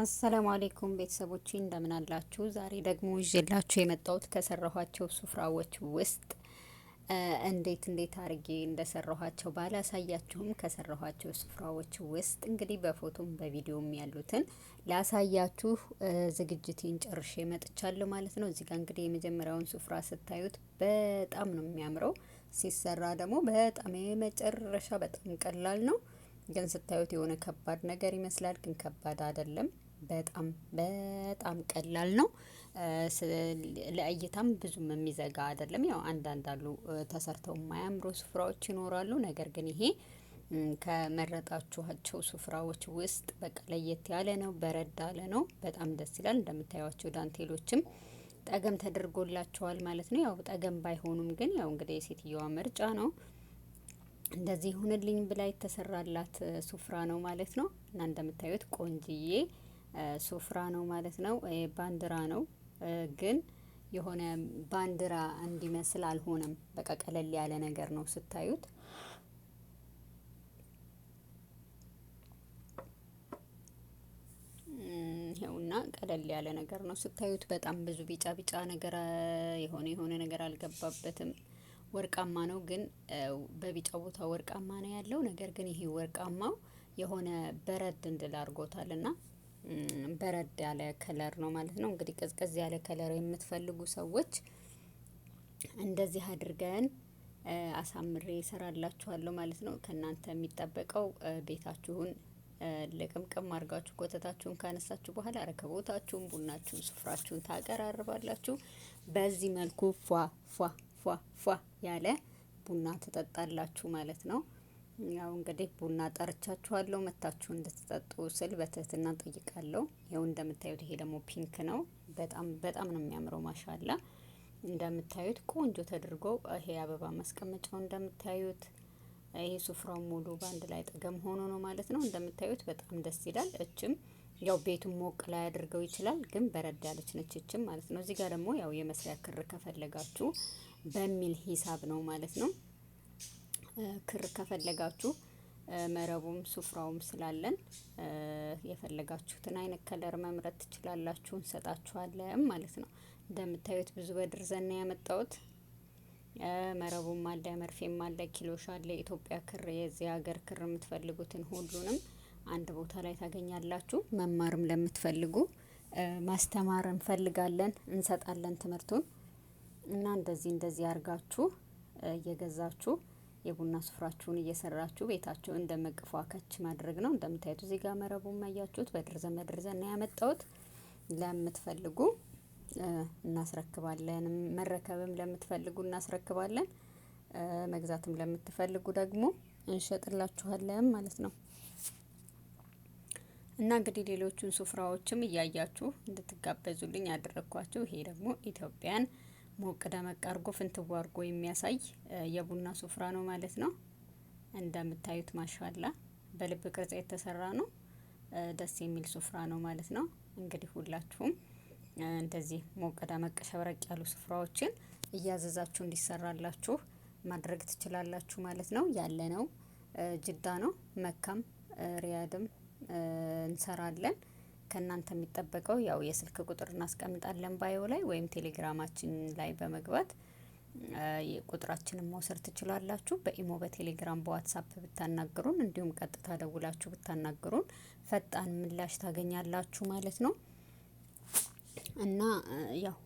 አሰላሙ አሌይኩም ቤተሰቦቼ እንደምን አላችሁ? ዛሬ ደግሞ ይዤላችሁ የመጣሁት ከሰራኋቸው ሱፍራዎች ውስጥ እንዴት እንዴት አርጌ እንደሰራኋቸው ባላሳያችሁም ከሰራኋቸው ስፍራዎች ውስጥ እንግዲህ በፎቶም በቪዲዮም ያሉትን ላሳያችሁ ዝግጅቴን ጨርሼ መጥቻለሁ ማለት ነው። እዚህ ጋ እንግዲህ የመጀመሪያውን ስፍራ ስታዩት በጣም ነው የሚያምረው። ሲሰራ ደግሞ በጣም የመጨረሻ በጣም ቀላል ነው። ግን ስታዩት የሆነ ከባድ ነገር ይመስላል፣ ግን ከባድ አይደለም። በጣም በጣም ቀላል ነው። ለእይታም ብዙም የሚዘጋ አይደለም። ያው አንዳንድ አሉ ተሰርተው የማያምሩ ስፍራዎች ይኖራሉ። ነገር ግን ይሄ ከመረጣችኋቸው ስፍራዎች ውስጥ በቃ ለየት ያለ ነው፣ በረድ ያለ ነው። በጣም ደስ ይላል። እንደምታዩቸው ዳንቴሎችም ጠገም ተደርጎላቸዋል ማለት ነው። ያው ጠገም ባይሆኑም ግን ያው እንግዲህ የሴትየዋ ምርጫ ነው። እንደዚህ ሁንልኝ ብላ የተሰራላት ሱፍራ ነው ማለት ነው። እና እንደምታዩት ቆንጅዬ ሱፍራ ነው ማለት ነው። ባንዲራ ነው ግን የሆነ ባንዲራ እንዲመስል አልሆነም። በቃ ቀለል ያለ ነገር ነው ስታዩት። ይኸውና ቀለል ያለ ነገር ነው ስታዩት። በጣም ብዙ ቢጫ ቢጫ ነገር የሆነ የሆነ ነገር አልገባበትም። ወርቃማ ነው፣ ግን በቢጫ ቦታ ወርቃማ ነው ያለው። ነገር ግን ይሄ ወርቃማው የሆነ በረድ እንድል አድርጎታል እና በረድ ያለ ከለር ነው ማለት ነው። እንግዲህ ቀዝቀዝ ያለ ከለር የምትፈልጉ ሰዎች እንደዚህ አድርገን አሳምሬ ይሰራላችኋለሁ ማለት ነው። ከእናንተ የሚጠበቀው ቤታችሁን ለቅምቅም አድርጋችሁ ኮተታችሁን ካነሳችሁ በኋላ ረከቦታችሁን፣ ቡናችሁን፣ ስፍራችሁን ታቀራርባላችሁ። በዚህ መልኩ ፏ ፏ ፏ ፏ ያለ ቡና ትጠጣላችሁ ማለት ነው። ያው እንግዲህ ቡና ጠርቻችኋለሁ መታችሁ እንድትጠጡ ስል በትህትና ጠይቃለሁ። ይኸው እንደምታዩት ይሄ ደግሞ ፒንክ ነው። በጣም በጣም ነው የሚያምረው። ማሻላ እንደምታዩት ቆንጆ ተደርጎ ይሄ አበባ ማስቀመጫው እንደምታዩት ይሄ ሱፍራው ሙሉ በአንድ ላይ ጠገም ሆኖ ነው ማለት ነው። እንደምታዩት በጣም ደስ ይላል። እችም ያው ቤቱን ሞቅ ላይ አድርገው ይችላል፣ ግን በረድ ያለች ነች እችም ማለት ነው። እዚህ ጋር ደግሞ ያው የመስሪያ ክር ከፈለጋችሁ በሚል ሂሳብ ነው ማለት ነው። ክር ከፈለጋችሁ መረቡም ሱፍራውም ስላለን የፈለጋችሁትን አይነት ከለር መምረጥ ትችላላችሁ፣ እንሰጣችኋለን ማለት ነው። እንደምታዩት ብዙ በድር ዘና ያመጣውት መረቡም አለ፣ መርፌም አለ፣ ኪሎሽ አለ፣ ኢትዮጵያ ክር፣ የዚህ ሀገር ክር የምትፈልጉትን ሁሉንም አንድ ቦታ ላይ ታገኛላችሁ። መማርም ለምትፈልጉ ማስተማር እንፈልጋለን፣ እንሰጣለን ትምህርቱን እና እንደዚህ እንደዚህ አርጋችሁ እየገዛችሁ የቡና ስፍራችሁን እየሰራችሁ ቤታችሁ እንደ ማድረግ ነው። እንደምታዩት እዚህ ጋር መረቡ ማያችሁት በድርዘን በድርዘን ነው ያመጣሁት። ለምትፈልጉ እናስረክባለን። መረከብም ለምትፈልጉ እናስረክባለን። መግዛትም ለምትፈልጉ ደግሞ እንሸጥላችኋለን ማለት ነው። እና እንግዲህ ሌሎቹን ስፍራዎችም እያያችሁ እንድትጋበዙልኝ ያደረግኳችሁ ይሄ ደግሞ ኢትዮጵያን ሞቅ ደመቅ አርጎ ፍንትው አርጎ የሚያሳይ የቡና ሱፍራ ነው ማለት ነው። እንደምታዩት ማሻላ በልብ ቅርጽ የተሰራ ነው። ደስ የሚል ሱፍራ ነው ማለት ነው። እንግዲህ ሁላችሁም እንደዚህ ሞቅ ደመቅ ሸብረቅ ያሉ ስፍራዎችን እያዘዛችሁ እንዲሰራላችሁ ማድረግ ትችላላችሁ ማለት ነው። ያለነው ጅዳ ነው። መካም ሪያድም እንሰራለን። ከእናንተ የሚጠበቀው ያው የስልክ ቁጥር እናስቀምጣለን ባዮ ላይ ወይም ቴሌግራማችን ላይ በመግባት ቁጥራችንን መውሰድ ትችላላችሁ። በኢሞ፣ በቴሌግራም፣ በዋትሳፕ ብታናገሩን እንዲሁም ቀጥታ ደውላችሁ ብታናገሩን ፈጣን ምላሽ ታገኛላችሁ ማለት ነው እና ያው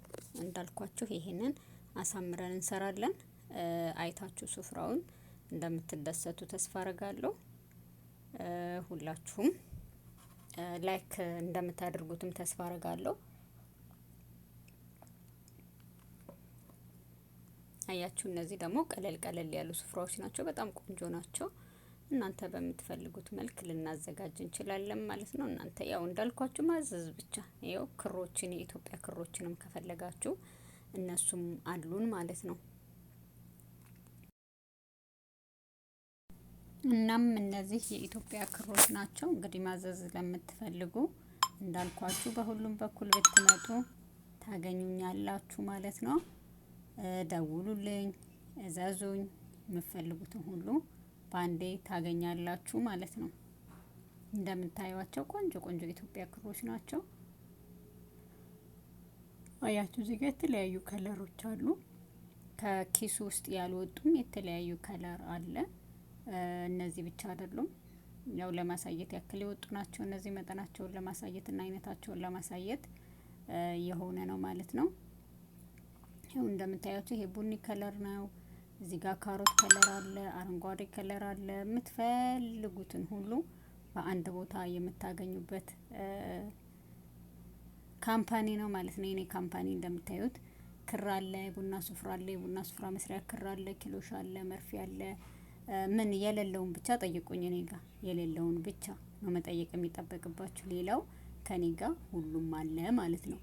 እንዳልኳችሁ ይሄንን አሳምረን እንሰራለን። አይታችሁ ስፍራውን እንደምትደሰቱ ተስፋ አረጋለሁ ሁላችሁም ላይክ እንደምታደርጉትም ተስፋ አረጋለሁ። አያችሁ፣ እነዚህ ደግሞ ቀለል ቀለል ያሉ ስፍራዎች ናቸው። በጣም ቆንጆ ናቸው። እናንተ በምትፈልጉት መልክ ልናዘጋጅ እንችላለን ማለት ነው። እናንተ ያው እንዳልኳችሁ ማዘዝ ብቻ። ይኸው ክሮችን የኢትዮጵያ ክሮችንም ከፈለጋችሁ እነሱም አሉን ማለት ነው። እናም እነዚህ የኢትዮጵያ ክሮች ናቸው። እንግዲህ ማዘዝ ለምትፈልጉ እንዳልኳችሁ በሁሉም በኩል ብትመጡ ታገኙኛላችሁ ማለት ነው። ደውሉልኝ፣ እዘዙኝ፣ የምትፈልጉትን ሁሉ በአንዴ ታገኛላችሁ ማለት ነው። እንደምታዩቸው ቆንጆ ቆንጆ የኢትዮጵያ ክሮች ናቸው። አያችሁ እዚህ ጋር የተለያዩ ከለሮች አሉ። ከኪሱ ውስጥ ያልወጡም የተለያዩ ከለር አለ። እነዚህ ብቻ አይደሉም። ያው ለማሳየት ያክል የወጡ ናቸው። እነዚህ መጠናቸውን ለማሳየት እና አይነታቸውን ለማሳየት የሆነ ነው ማለት ነው። ይኸው እንደምታያቸው ይሄ ቡኒ ከለር ነው። እዚህ ጋር ካሮት ከለር አለ፣ አረንጓዴ ከለር አለ። የምትፈልጉትን ሁሉ በአንድ ቦታ የምታገኙበት ካምፓኒ ነው ማለት ነው። የኔ ካምፓኒ እንደምታዩት ክር አለ፣ የቡና ስፍራ አለ፣ የቡና ሱፍራ መስሪያ ክር አለ፣ ኪሎሽ አለ፣ መርፌ አለ ምን የሌለውን ብቻ ጠይቁኝ። እኔ ጋር የሌለውን ብቻ ነው መጠየቅ የሚጠበቅባችሁ። ሌላው ከኔ ጋር ሁሉም አለ ማለት ነው።